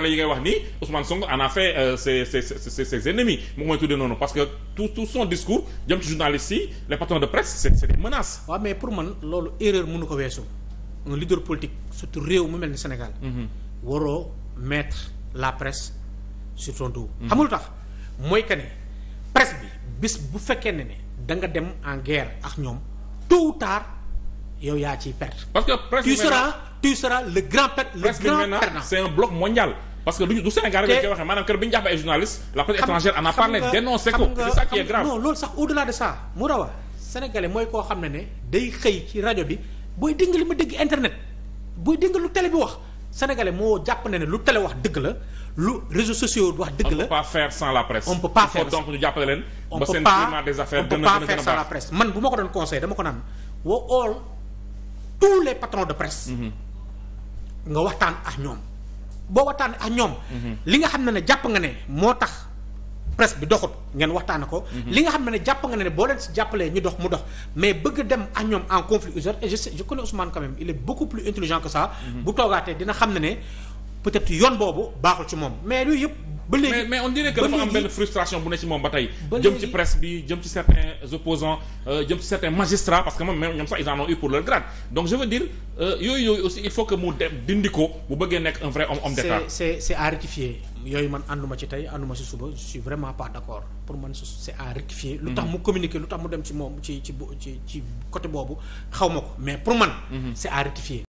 sénégalais yi ngay wax nii Ousmane Sonko en a fait euh, ses ses ses ses ennemis moom mooy tuddee noonu parce que tout tout son discours jëm ci journalistes yi mhm. la presse sur son dos. Mhm. tax mooy que ne bi bis bu fekkee ne ne da dem en guerre ak ñoom tôt tard yow yaa ciy perte. parce que presse tu seras tu seras le grand père. le grand perdant c'est un bloc mondial. parce que du Sénégal rek koy waxee maanaam bi ñu jàpp ay journaliste la presse étrangère en a parlé dénoncé ko c'est loolu sax au de ça mu rawa sénégalais mooy koo xam ne ne day xëy ci rajo bi booy dégg li ma dégg internet booy dégg lu tele bi wax sénégalais moo jàpp ne ne lu tele wax dëgg la lu réseaux sociaux wax dëgg la on ne peut pas faire leen. on peut pas on peut pas faire sans la man bu ma ko doon conseil dama ko naan woo all tous les patrons de presse. Mm-hmm. nga waxtaan ak ñoom. boo waxtaanee ak ñoom. Mhm. li nga xam ne ne jàpp nga ne moo tax presque bi doxut ngeen waxtaane ko. Mhm. li nga xam ne ne jàpp nga ne boo leen si jàppalee ñu dox mu dox mais bëgg dem ak ñoom en conflit usure et je sais je connais Ousmane quand même il est beaucoup plus intelligent que ça. Mhm. bu toogaatee dina xam ne ne peut-être yoon boobu baaxul ci moom mais yooyu yëpp. ba léegi mais on dirait dafa am benn frustration bu ne ci moom ba tey. jëm ci presse bi jëm ci certains opposants euh, jëm ci certains magistrats parce que moom ñoom sax ils en ont eu pour leur grade donc je veux dire euh, yooyu yooyu il faut que mu dem dindi ko bu bëggee nekk un vrai homme homme d'état. c'est c'est à rectifier yooyu man ànduma ci tey ànduma ci suba je suis vraiment pas d'accord pour man c'est à rectifier. lu tax mhm. mu communiquer lu tax mu dem ma ko mais man. Mhm. c'est